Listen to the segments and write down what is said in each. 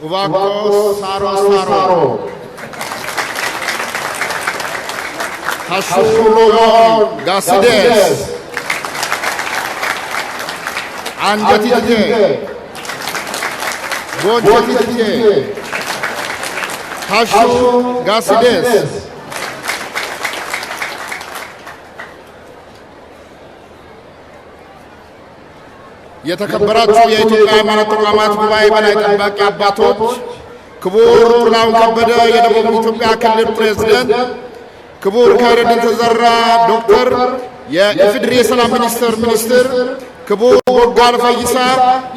우바코 사로 사로 하수로요 가스데스 안저티티게 본저티티게 하수 가스데스 የተከበራችሁ የኢትዮጵያ ሃይማኖት ተቋማት ጉባኤ በላይ ጠባቂ አባቶች፣ ክቡር ጥላሁን ከበደ የደቡብ ኢትዮጵያ ክልል ፕሬዝደንት፣ ክቡር ካይረድን ተዘራ ዶክተር የኢፌዴሪ የሰላም ሚኒስቴር ሚኒስትር፣ ክቡር ቦጋለ ፈይሳ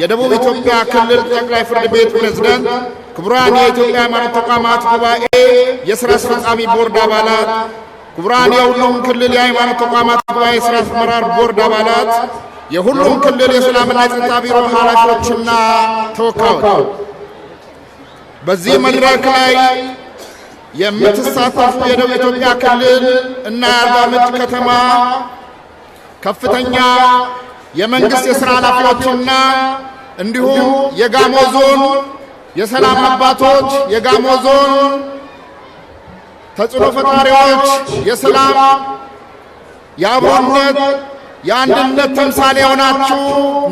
የደቡብ ኢትዮጵያ ክልል ጠቅላይ ፍርድ ቤት ፕሬዝደንት፣ ክቡራን የኢትዮጵያ ሃይማኖት ተቋማት ጉባኤ የስራ አስፈጻሚ ቦርድ አባላት፣ ክቡራን የሁሉም ክልል የሃይማኖት ተቋማት ጉባኤ የሥራ አመራር ቦርድ አባላት የሁሉም ክልል የሰላምና የጸጥታ ቢሮ ኃላፊዎችና ተወካዮች በዚህ መድረክ ላይ የምትሳተፉ የደቡብ ኢትዮጵያ ክልል እና የአርባምንጭ ከተማ ከፍተኛ የመንግስት የሥራ ኃላፊዎችና እንዲሁም የጋሞ ዞን የሰላም አባቶች፣ የጋሞ ዞን ተጽዕኖ ፈጣሪዎች፣ የሰላም የአብሮነት የአንድነት ተምሳሌ የሆናችሁ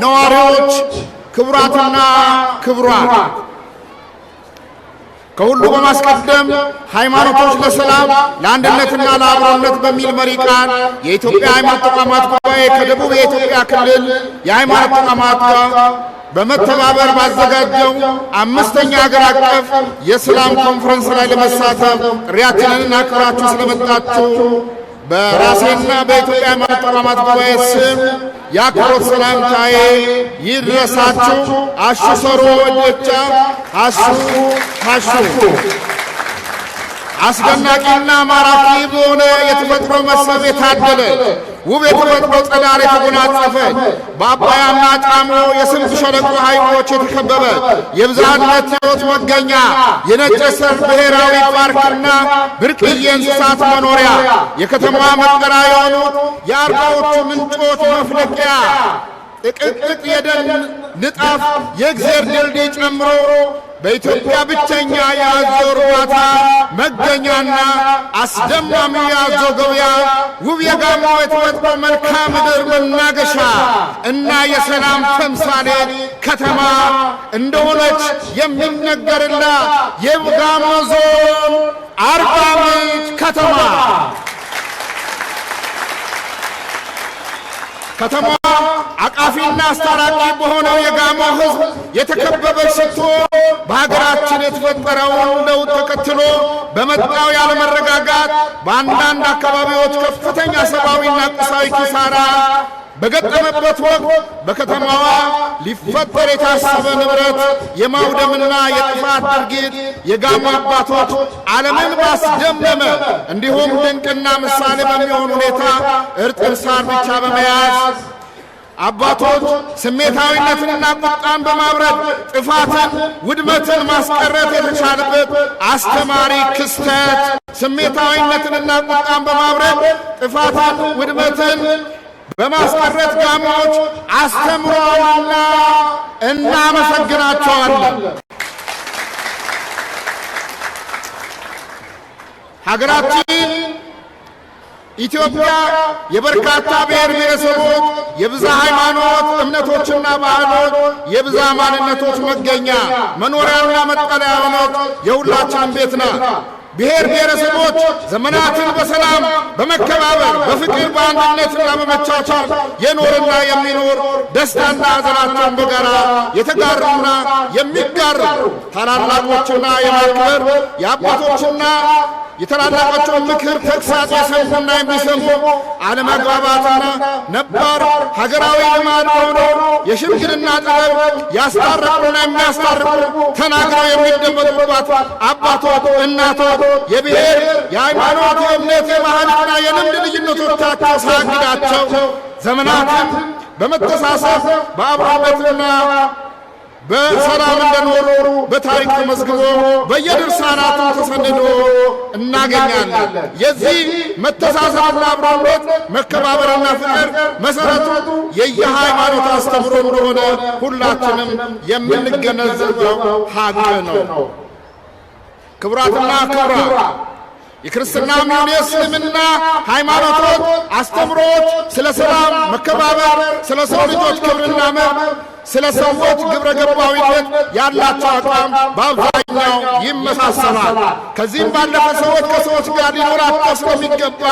ነዋሪዎች፣ ክቡራትና ክቡራን፣ ከሁሉ በማስቀደም ሃይማኖቶች ለሰላም ለአንድነትና ለአብሮነት በሚል መሪ ቃል የኢትዮጵያ ሃይማኖት ተቋማት ጉባኤ ከደቡብ የኢትዮጵያ ክልል የሃይማኖት ተቋማት ጋር በመተባበር ባዘጋጀው አምስተኛ ሀገር አቀፍ የሰላም ኮንፈረንስ ላይ ለመሳተፍ ጥሪያችንን አክብራችሁ ስለመጣችሁ በራሴና በኢትዮጵያ ሃይማኖት ጉባኤ ስም የአክብሮት ሰላምታዬ ይድረሳችሁ። አሹ ሰሮ ወጆቻ አሹ አሹ አስደናቂና ማራኪ በሆነ የተፈጥሮ መስህብ የታደለ ውብ የተፈጥሮ ጸዳል የተጎናጸፈች በአባያና ጣሞ የስምጥ ሸለቆ ሐይቆች የተከበበ። የብዝሃነት ሕይወት መገኛ የነጭ ሰፍ ብሔራዊ ፓርክና ብርቅዬ እንስሳት መኖሪያ የከተማዋ መጠሪያ የሆኑት የአርባዎቹ ምንጮች መፍለቂያ ጥቅጥቅ የደን ንጣፍ የእግዜር ድልድይ ጨምሮ በኢትዮጵያ ብቸኛ የአዞ እርባታ መገኛና አስደማሚ የአዞ ገበያ ውብ የጋሞ የተፈጥሮ መልክዓ ምድር መናገሻ እና የሰላም ተምሳሌት ከተማ እንደሆነች የሚነገርላት የጋሞ ዞን አርባ ምንጭ ከተማ ከተማ አቃፊና አስታራቂ በሆነው የጋሞ ሕዝብ የተከበበች ስትሆን በሀገራችን የተፈጠረውን ለውጥ ተከትሎ በመጣው ያለመረጋጋት በአንዳንድ አካባቢዎች ከፍተኛ ሰብአዊና ቁሳዊ ኪሳራ በገጠመበት ወቅት በከተማዋ ሊፈጠር የታሰበ ንብረት የማውደምና የጥፋት ድርጊት የጋሞ አባቶች ዓለምን ባስደመመ እንዲሁም ድንቅና ምሳሌ በሚሆን ሁኔታ እርጥብ ሳር ብቻ በመያዝ አባቶች ስሜታዊነትንና ቁጣን በማብረድ ጥፋትን፣ ውድመትን ማስቀረት የተቻለበት አስተማሪ ክስተት ስሜታዊነትንና ቁጣን በማብረድ ጥፋትን፣ ውድመትን በማስቀረት ጋሞች አስተምረዋልና እናመሰግናቸዋለን። ሀገራችን ኢትዮጵያ የበርካታ ብሔር ብሔረሰቦች የብዛ ሃይማኖት እምነቶችና ባህሎች የብዛ ማንነቶች መገኛ መኖሪያና መጠለያ የሆነች የሁላችንም ቤት ናት። ብሔር ብሔረሰቦች ዘመናትን በሰላም በመከባበር በፍቅር በአንድነትና በመቻቻል የኖርና የሚኖር ደስታና ሐዘናቸውን በጋራ የተጋሩና የሚጋሩ ታላላቆችና የማክበር የአባቶችና የታላላቆችን ምክር ተግሳጽ የሰሙና የሚሰሙ አለመግባባትና ነባር ሀገራዊ ልማድ ሆነው የሽምግልና ጥበብ ያስታርቁና የሚያስታርቁ ተናግረው የሚደመጡባት አባቶች እናቶች የብሔር፣ የሃይማኖት፣ የእምነት፣ የባህልና የልምድ ልዩነቶቻቸው ሳያግዳቸው ዘመናትን በመተሳሰብ በአብሮነትና በሰላም እንደኖሩ በታሪክ ተመዝግቦ በየድርሳናቱ ተሰንዶ እናገኛለን። የዚህ መተሳሰብና አብሮነት መከባበርና ፍቅር መሰረቱ የየሃይማኖት አስተምሮ እንደሆነ ሁላችንም የምንገነዘበው ሀቅ ነው። ክቡራትና ክቡራት የክርስትናም ሆነ የእስልምና ሃይማኖቶች አስተምሮዎች ስለ ሰላም መከባበር፣ ስለ ሰው ልጆች ክብርና መብት ስለ ሰዎች ግብረ ገባዊነት ያላቸው አቋም በአብዛኛው ይመሳሰላል። ከዚህም ባለፈ ሰዎች ከሰዎች ጋር ሊኖራቸው ስለሚገባ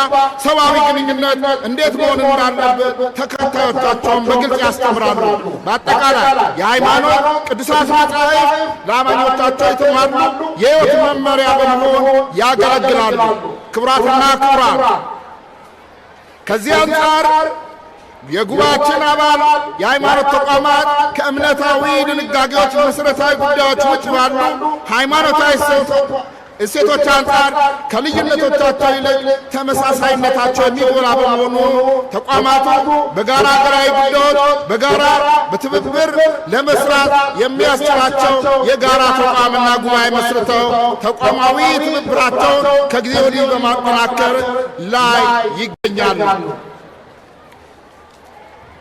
ሰብአዊ ግንኙነት እንዴት መሆን እንዳለበት ተከታዮቻቸውን በግልጽ ያስተምራሉ። በአጠቃላይ የሃይማኖት ቅዱሳት መጻሕፍት ለአማኞቻቸው የተማሉ የሕይወት መመሪያ በመሆን ያገለግላሉ። ክቡራትና ክቡራን ከዚህ አንጻር የጉባኤያችን አባል የሃይማኖት ተቋማት ከእምነታዊ ድንጋጌዎች መሠረታዊ ጉዳዮች ውጭ ባሉ ሃይማኖታዊ እሴቶች አንጻር ከልዩነቶቻቸው ይልቅ ተመሳሳይነታቸው የሚጎላ በመሆኑ ተቋማቱ በጋራ ሀገራዊ ጉዳዮች በጋራ በትብብር ለመስራት የሚያስችላቸው የጋራ ተቋምና ጉባኤ መስርተው ተቋማዊ ትብብራቸውን ከጊዜ ወዲህ በማጠናከር ላይ ይገኛሉ።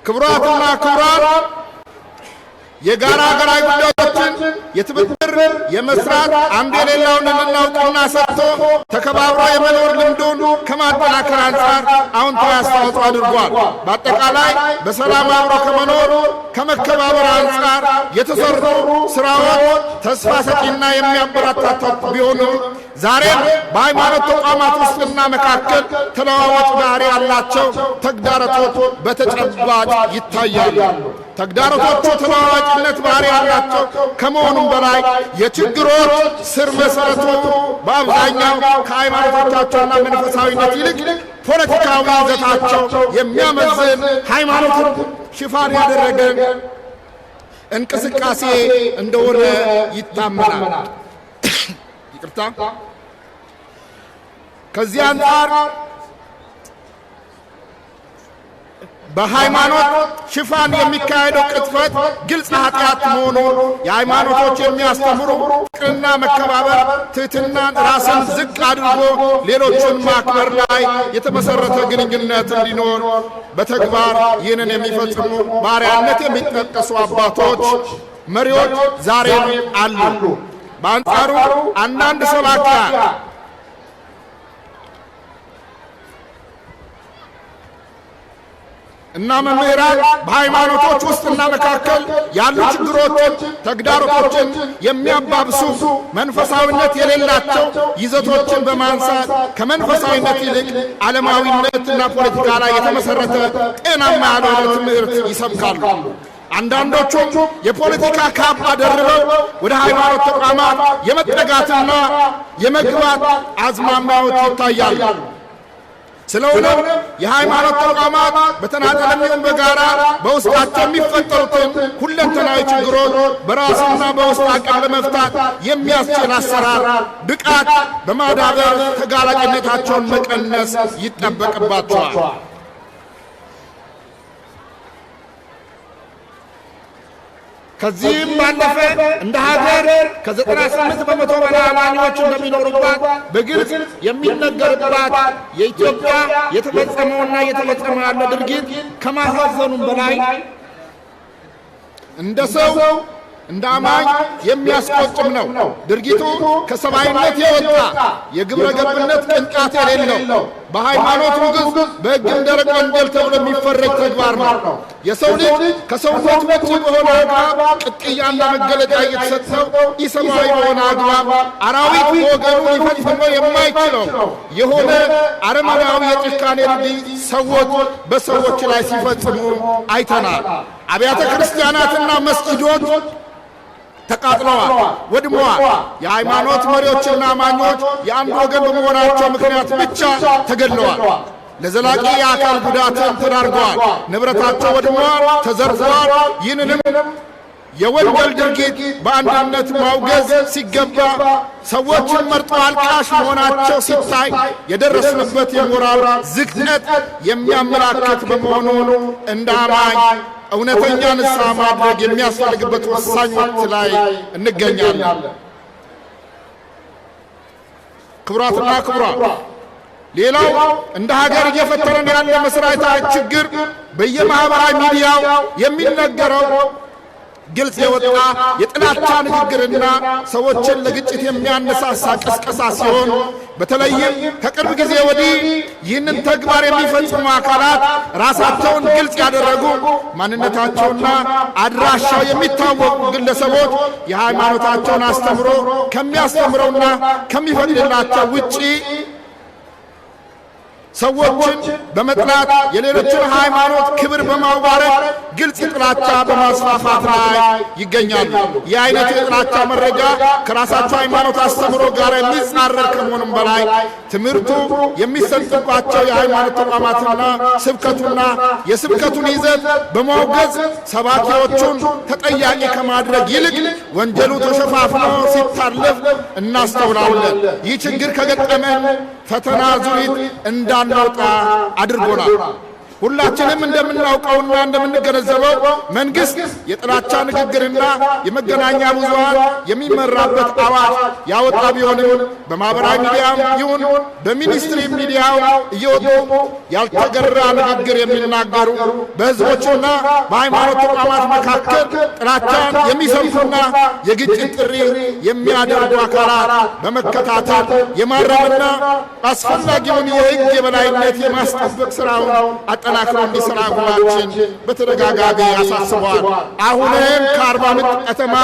ክቡራትና ክቡራን የጋራ ሀገራዊ ጉዳዮችን የትብብር የመስራት አንድ የሌላውን ልናውቅና ሰጥቶ ተከባብሮ የመኖር ልምዱን ከማጠናከር አንጻር አዎንታዊ አስተዋጽኦ አድርጓል። በአጠቃላይ በሰላም አብሮ ከመኖር ከመከባበር አንጻር የተሰሩ ስራዎች ተስፋ ሰጪና የሚያበረታታት ቢሆኑም ዛሬም በሃይማኖት ተቋማት ውስጥና መካከል ተለዋዋጭ ባህሪ ያላቸው ተግዳሮቶች በተጨባጭ ይታያሉ። ተግዳሮቶቹ ተለዋዋጭነት ባህሪ ያላቸው ከመሆኑም በላይ የችግሮች ስር መሰረቱ በአብዛኛው ከሃይማኖቶቻቸውና መንፈሳዊነት ይልቅ ፖለቲካዊ ይዘታቸው የሚያመዝን ሃይማኖትን ሽፋን ያደረገ እንቅስቃሴ እንደሆነ ይታመናል። ይቅርታ ከዚህ አንጻር በሃይማኖት ሽፋን የሚካሄደው ቅጥፈት ግልጽ ኃጢአት መሆኑን የሃይማኖቶች የሚያስተምሩ ፍቅርና መከባበር፣ ትሕትናን፣ ራስን ዝቅ አድርጎ ሌሎችን ማክበር ላይ የተመሠረተ ግንኙነት እንዲኖር በተግባር ይህንን የሚፈጽሙ ባሪያነት የሚጠቀሱ አባቶች፣ መሪዎች ዛሬም አሉ። በአንጻሩ አንዳንድ ሰባኪያን እና መምህራን በሃይማኖቶች ውስጥና መካከል ያሉ ችግሮችን፣ ተግዳሮቶችን የሚያባብሱ መንፈሳዊነት የሌላቸው ይዘቶችን በማንሳት ከመንፈሳዊነት ይልቅ ዓለማዊነትና ፖለቲካ ላይ የተመሰረተ ጤናማ ያልሆነ ትምህርት ይሰብካሉ። አንዳንዶቹም የፖለቲካ ካባ ደርበው ወደ ሃይማኖት ተቋማት የመጠጋትና የመግባት አዝማሚያዎች ይታያሉ። ስለሆነም የሃይማኖት ተቋማት በተናጠልም በጋራ በውስጣቸው የሚፈጠሩትን ሁለንተናዊ ችግሮች በራስና በውስጥ አቅም ለመፍታት የሚያስችል አሰራር ብቃት በማዳበር ተጋላጭነታቸውን መቀነስ ይጠበቅባቸዋል። ከዚህም ባለፈ እንደ ሀገር ከ98 በመቶ በላይ አማኞች እንደሚኖሩባት በግልጽ የሚነገርባት የኢትዮጵያ የተፈጸመውና እየተፈጸመ ያለ ድርጊት ከማሳዘኑም በላይ እንደ ሰው እንደ አማኝ የሚያስቆጭም ነው። ድርጊቱ ከሰብአዊነት የወጣ የግብረ ገብነት ቅንጣት የሌለው በሃይማኖት ግዝ በሕግም ደረቅ ወንጀል ተብሎ የሚፈረጅ ተግባር ነው። የሰው ልጅ ከሰውነት ውጭ በሆነ አግባብ ቅጥያና መገለጫ እየተሰጠው ኢሰብአዊ በሆነ አግባብ አራዊት በወገኑ ሊፈጽመው የማይችለው የሆነ አረመናዊ የጭካኔ ድርጊት ሰዎች በሰዎች ላይ ሲፈጽሙ አይተናል። አብያተ ክርስቲያናትና መስጊዶች ተቃጥለዋል፣ ወድመዋል። የሃይማኖት መሪዎችና አማኞች የአንድ ወገን በመሆናቸው ምክንያት ብቻ ተገድለዋል። ለዘላቂ የአካል ጉዳትን ተዳርገዋል። ንብረታቸው ወድመዋል፣ ተዘርፈዋል። ይህንንም የወንጀል ድርጊት በአንድነት ማውገዝ ሲገባ ሰዎችን መርጦ አልቃሽ መሆናቸው ሲታይ የደረስንበት የሞራል ዝቅጠት የሚያመላክት በመሆኑ እንደ አማኝ እውነተኛ ንስሐ ማድረግ የሚያስፈልግበት ወሳኝ ወቅት ላይ እንገኛለን። ክቡራትና ክቡራት፣ ሌላው እንደ ሀገር እየፈተረን ያለ መሠረታዊ ችግር በየማኅበራዊ ሚዲያው የሚነገረው ግልጽ የወጣ የጥላቻ ንግግርና ሰዎችን ለግጭት የሚያነሳሳ ቅስቀሳ ሲሆን በተለይም ከቅርብ ጊዜ ወዲህ ይህንን ተግባር የሚፈጽሙ አካላት ራሳቸውን ግልጽ ያደረጉ ማንነታቸውና አድራሻው የሚታወቁ ግለሰቦች የሃይማኖታቸውን አስተምሮ ከሚያስተምረውና ከሚፈቅድላቸው ውጪ ሰዎችን በመጥላት የሌሎችን ሃይማኖት ክብር በማዋረድ ግልጽ ጥላቻ በማስፋፋት ላይ ይገኛሉ። ይህ አይነቱ የጥላቻ መረጃ ከራሳቸው ሃይማኖት አስተምህሮ ጋር የሚጻረር ከመሆኑም በላይ ትምህርቱ የሚሰጥባቸው የሃይማኖት ተቋማትና ስብከቱና የስብከቱን ይዘት በማውገዝ ሰባኪዎቹን ተጠያቂ ከማድረግ ይልቅ ወንጀሉ ተሸፋፍኖ ሲታለፍ እናስተውላለን። ይህ ችግር ከገጠመን ፈተና ዙሪት እንዳናውጣ አድርጎናል። ሁላችንም እንደምናውቀውና እንደምንገነዘበው መንግስት የጥላቻ ንግግርና የመገናኛ ብዙሃን የሚመራበት አዋጅ ያወጣ ቢሆንም በማህበራዊ ሚዲያም ይሁን በሚኒስትሪ ሚዲያው እየወጡ ያልተገራ ንግግር የሚናገሩ በህዝቦችና በሃይማኖት ተቋማት መካከል ጥላቻን የሚሰብኩና የግጭት ጥሪ የሚያደርጉ አካላት በመከታተል የማረምና አስፈላጊውን የህግ የበላይነት የማስጠበቅ ስራውን አጠ አጠናክሮ እንዲሠራ ጉባችን በተደጋጋሚ ያሳስበዋል። አሁንም ከአርባ ምንጭ ከተማ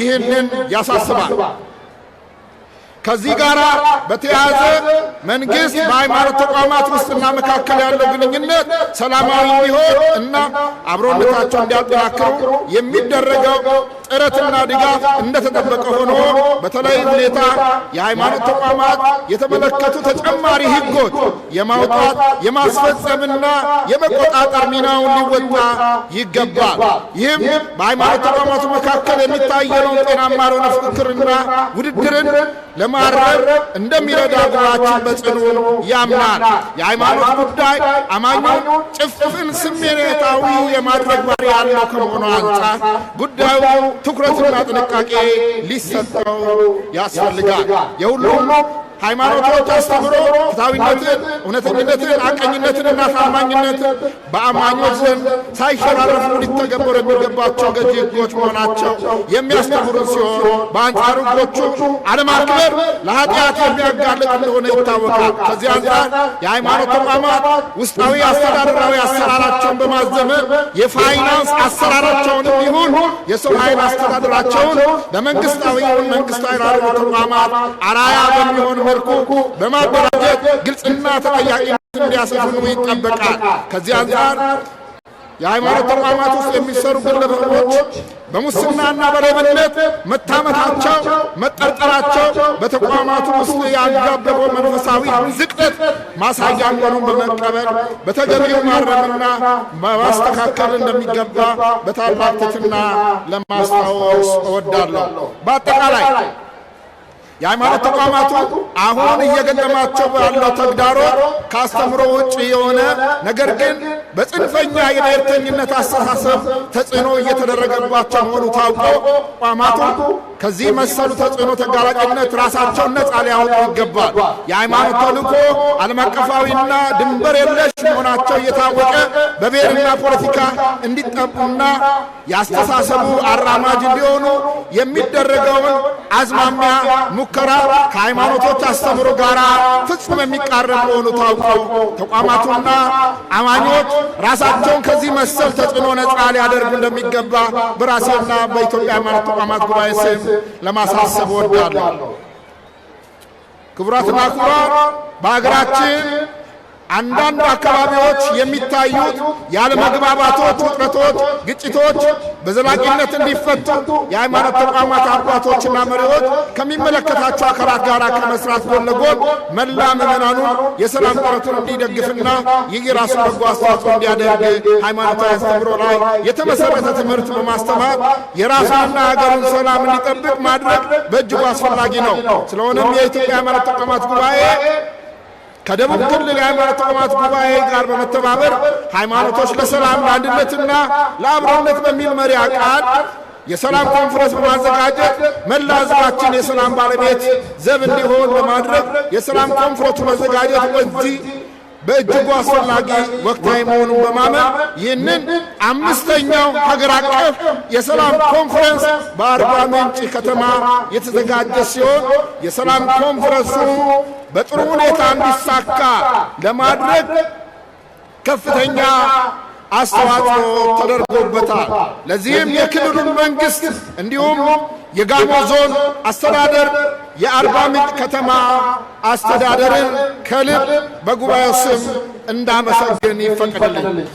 ይህንን ያሳስባል። ከዚህ ጋር በተያያዘ መንግስት በሃይማኖት ተቋማት ውስጥና መካከል ያለው ግንኙነት ሰላማዊ እንዲሆን እና አብሮነታቸው እንዲያጠናክሩ የሚደረገው ጥረትና ድጋፍ እንደተጠበቀ ሆኖ በተለይ ሁኔታ የሃይማኖት ተቋማት የተመለከቱ ተጨማሪ ሕጎች የማውጣት የማስፈጸምና የመቆጣጠር ሚናውን ሊወጣ ይገባል። ይህም በሃይማኖት ተቋማቱ መካከል የሚታየነውን ጤናማ ያልሆነ ፍክክርና ውድድርን ለማረብ እንደሚረዳ ጉባችን በጽኑ ያምናል። የሃይማኖት ጉዳይ አማኙን ጭፍን ስሜታዊ የማድረግ ባህሪ ያለው ከመሆኑ አንጻር ጉዳዩ ትኩረትና ጥንቃቄ ሊሰጠው ያስፈልጋል። የሁሉም ሃይማኖቶች አስተምሮ ፍትሐዊነትን፣ እውነተኝነትን፣ ሐቀኝነትንና ታማኝነትን በአማኞች ዘንድ ሳይሸራረፉ ሊተገበሩ የሚገባቸው ገዢ ሕጎች መሆናቸው የሚያስተምሩን ሲሆን በአንጻሩ ሕጎቹ አለማክበር ለኃጢአት የሚያጋልጥ እንደሆነ ይታወቃል። ከዚህ አንጻር የሃይማኖት ተቋማት ውስጣዊ አስተዳደራዊ አሰራራቸውን በማዘመን የፋይናንስ አሰራራቸውንም ይሁን የሰው ኃይል አስተዳደራቸውን በመንግስታዊ ይሁን መንግስታዊ ላልሆኑ ተቋማት አራያ በሚሆን መልኩ በማደራጀት ግልጽና ተጠያቂነት እንዲያሰፍኑ ይጠበቃል። ከዚህ አንጻር የሃይማኖት ተቋማት ውስጥ የሚሰሩ ግለሰቦች በሙስናና በሌብነት መታመታቸው፣ መጠርጠራቸው በተቋማቱ ውስጥ ያንዣበበው መንፈሳዊ ዝቅጠት ማሳያ መሆኑን በመቀበል በተገቢው ማረምና ማስተካከል እንደሚገባ በታላቅ ትሕትና ለማስታወስ እወዳለሁ። በአጠቃላይ የሃይማኖት ተቋማቱ አሁን እየገጠማቸው ባለው ተግዳሮት ካስተምሮ ውጭ የሆነ ነገር ግን በጽንፈኛ የብሔርተኝነት አስተሳሰብ ተጽዕኖ እየተደረገባቸው መሆኑ ታውቆ ተቋማቱ ከዚህ መሰሉ ተጽዕኖ ተጋላጭነት ራሳቸውን ነፃ ሊያወጡ ይገባል። የሃይማኖት ተልእኮ ዓለም አቀፋዊና ድንበር የለሽ መሆናቸው እየታወቀ በብሔርና ፖለቲካ እንዲጠቡና የአስተሳሰቡ አራማጅ እንዲሆኑ የሚደረገውን አዝማሚያ ሙከራ ከሃይማኖቶች አስተምሮ ጋር ፍጹም የሚቃረን መሆኑ ታውቀው ተቋማቱና አማኞች ራሳቸውን ከዚህ መሰል ተጽዕኖ ነፃ ሊያደርጉ እንደሚገባ በራሴና በኢትዮጵያ ሃይማኖት ተቋማት ጉባኤ ስም ለማሳሰብ እወዳለሁ። ክቡራትና ክቡራን በሀገራችን አንዳንድ አካባቢዎች የሚታዩት ያለመግባባቶች፣ ውጥረቶች፣ ግጭቶች በዘላቂነት እንዲፈቱ የሃይማኖት ተቋማት አባቶችና መሪዎች ከሚመለከታቸው አካላት ጋር ከመስራት ጎን ለጎን መላ ምዕመናኑን የሰላም ጥረቱን እንዲደግፍና ይህ ራሱ በጎ አስተዋጽኦ እንዲያደርግ ሃይማኖታዊ አስተምሮ ላይ የተመሰረተ ትምህርት በማስተማር የራሱንና ሀገሩን ሰላም እንዲጠብቅ ማድረግ በእጅጉ አስፈላጊ ነው። ስለሆነም የኢትዮጵያ ሃይማኖት ተቋማት ጉባኤ ከደቡብ ክልል የሃይማኖት ተቋማት ጉባኤ ጋር በመተባበር ሃይማኖቶች ለሰላም ለአንድነትና ለአብሮነት በሚል መሪ ቃል የሰላም ኮንፈረንስ በማዘጋጀት መላ ሕዝባችን የሰላም ባለቤት ዘብ እንዲሆን በማድረግ የሰላም ኮንፈረንሱ መዘጋጀት በዚህ በእጅጉ አስፈላጊ ወቅታዊ መሆኑን በማመን ይህንን አምስተኛው ሀገር አቀፍ የሰላም ኮንፈረንስ በአርባ ምንጭ ከተማ የተዘጋጀ ሲሆን የሰላም ኮንፈረንሱ በጥሩ ሁኔታ እንዲሳካ ለማድረግ ከፍተኛ አስተዋጽኦ ተደርጎበታል። ለዚህም የክልሉን መንግስት እንዲሁም የጋሞ ዞን አስተዳደር የአርባ ምንጭ ከተማ አስተዳደርን ከልብ በጉባኤው ስም እንዳመሰግን ይፈቀድልኝ።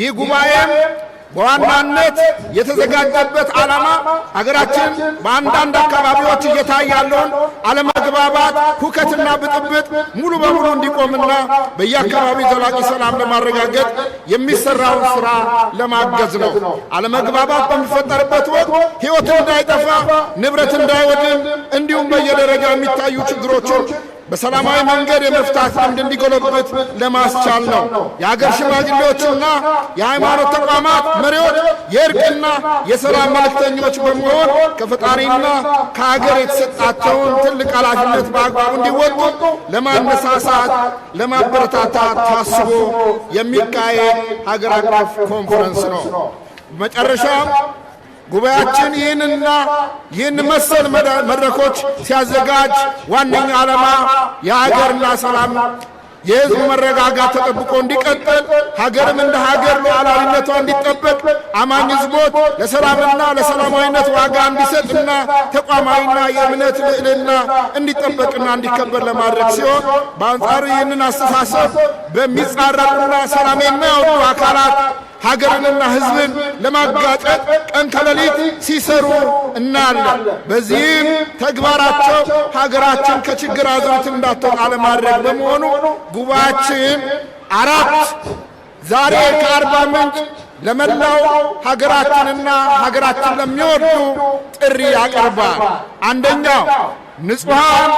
ይህ ጉባኤም በዋናነት የተዘጋጀበት ዓላማ አገራችን በአንዳንድ አካባቢዎች እየታየ ያለውን አለመግባባት፣ ሁከትና ብጥብጥ ሙሉ በሙሉ እንዲቆምና በየአካባቢ ዘላቂ ሰላም ለማረጋገጥ የሚሰራውን ስራ ለማገዝ ነው። አለመግባባት በሚፈጠርበት ወቅት ሕይወት እንዳይጠፋ፣ ንብረት እንዳይወድም እንዲሁም በየደረጃ የሚታዩ ችግሮችን በሰላማዊ መንገድ የመፍታት ልምድ እንዲጎለበት ለማስቻል ነው። የሀገር ሽማግሌዎችና የሃይማኖት ተቋማት መሪዎች የእርቅና የሰላም መልክተኞች በመሆን ከፈጣሪና ከሀገር የተሰጣቸውን ትልቅ ኃላፊነት በአግባቡ እንዲወጡ ለማነሳሳት፣ ለማበረታታት ታስቦ የሚካሄድ ሀገር አቀፍ ኮንፈረንስ ነው። መጨረሻ ጉባኤያችን ይህንና ይህን መሰል መድረኮች ሲያዘጋጅ ዋነኛ ዓላማ የሀገርና ሰላም የሕዝቡ መረጋጋት ተጠብቆ እንዲቀጥል ሀገርም እንደ ሀገር ሉዓላዊነቷ እንዲጠበቅ አማኝ ሕዝቦች ለሰላምና ለሰላማዊነት ዋጋ እንዲሰጥና ተቋማዊና የእምነት ልዕልና እንዲጠበቅና እንዲከበር ለማድረግ ሲሆን በአንጻሩ ይህንን አስተሳሰብ በሚጻረሩና ሰላም ያወጡ አካላት ሀገርንና ሕዝብን ለማጋጨት ቀን ከሌሊት ሲሰሩ እናያለን። በዚህም ተግባራቸው ሀገራችን ከችግር አዙሪት እንዳትወጣ ለማድረግ በመሆኑ ጉባኤያችን አራት ዛሬ ከአርባ ምንጭ ለመላው ሀገራችንና ሀገራችን ለሚወዱ ጥሪ ያቀርባል። አንደኛው ንጹሐን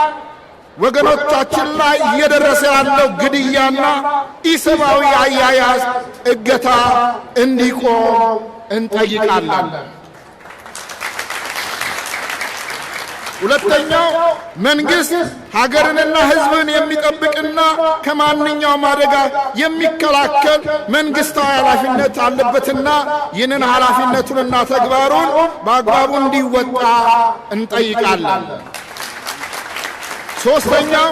ወገኖቻችን ላይ እየደረሰ ያለው ግድያና ኢሰብአዊ አያያዝ እገታ እንዲቆም እንጠይቃለን። ሁለተኛው መንግስት ሀገርንና ሕዝብን የሚጠብቅና ከማንኛውም አደጋ የሚከላከል መንግስታዊ ኃላፊነት አለበትና ይህንን ኃላፊነቱንና ተግባሩን በአግባቡ እንዲወጣ እንጠይቃለን። ሶስተኛው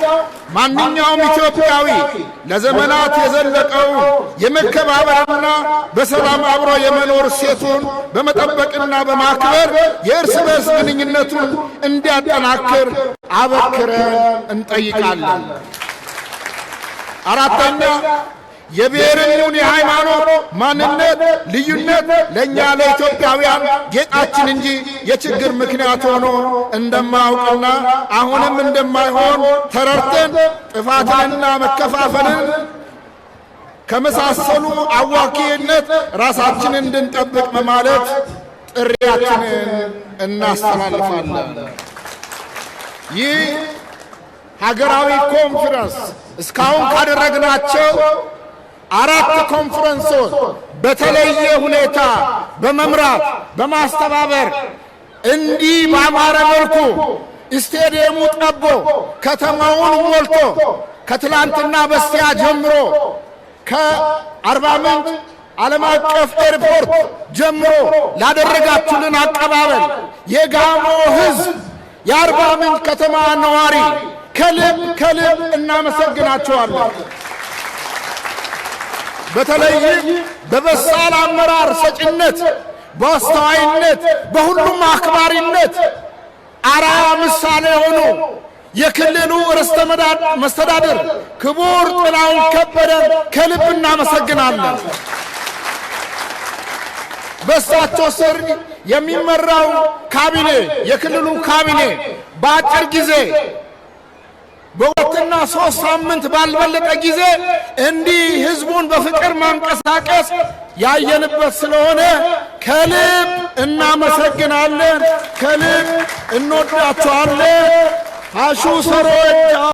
ማንኛውም ኢትዮጵያዊ ለዘመናት የዘለቀው የመከባበርና በሰላም አብሮ የመኖር እሴቱን በመጠበቅና በማክበር የእርስ በርስ ግንኙነቱን እንዲያጠናክር አበክረን እንጠይቃለን። አራተኛ የብሔርን ይሁን የሃይማኖት ማንነት ልዩነት ለእኛ ለኢትዮጵያውያን ጌጣችን እንጂ የችግር ምክንያት ሆኖ እንደማያውቅና አሁንም እንደማይሆን ተረድተን ጥፋትንና መከፋፈልን ከመሳሰሉ አዋኪነት ራሳችንን እንድንጠብቅ በማለት ጥሪያችንን እናስተላልፋለን። ይህ ሀገራዊ ኮንፈረንስ እስካሁን ካደረግናቸው አራት ኮንፈረንሶች በተለየ ሁኔታ በመምራት በማስተባበር እንዲህ በአማረ መልኩ ስቴዲየሙ ጠቦ ከተማውን ሞልቶ ከትላንትና በስቲያ ጀምሮ ከአርባ ምንጭ ዓለም አቀፍ ኤርፖርት ጀምሮ ላደረጋችሁልን አቀባበል የጋሞ ሕዝብ የአርባ ምንጭ ከተማ ነዋሪ ከልብ ከልብ እናመሰግናችኋለን። በተለይም በበሳል አመራር ሰጭነት፣ በአስተዋይነት፣ በሁሉም አክባሪነት አርአያ ምሳሌ ሆኖ የክልሉ ርዕሰ መስተዳድር ክቡር ጥላሁን ከበደን ከልብ እናመሰግናለን። በእሳቸው ስር የሚመራው ካቢኔ የክልሉ ካቢኔ በአጭር ጊዜ በወቅትና ሶስት ሳምንት ባልበለጠ ጊዜ እንዲህ ህዝቡን በፍቅር ማንቀሳቀስ ያየንበት ስለሆነ ከልብ እናመሰግናለን፣ ከልብ እንወዳቸዋለን። አሹ ሰሮች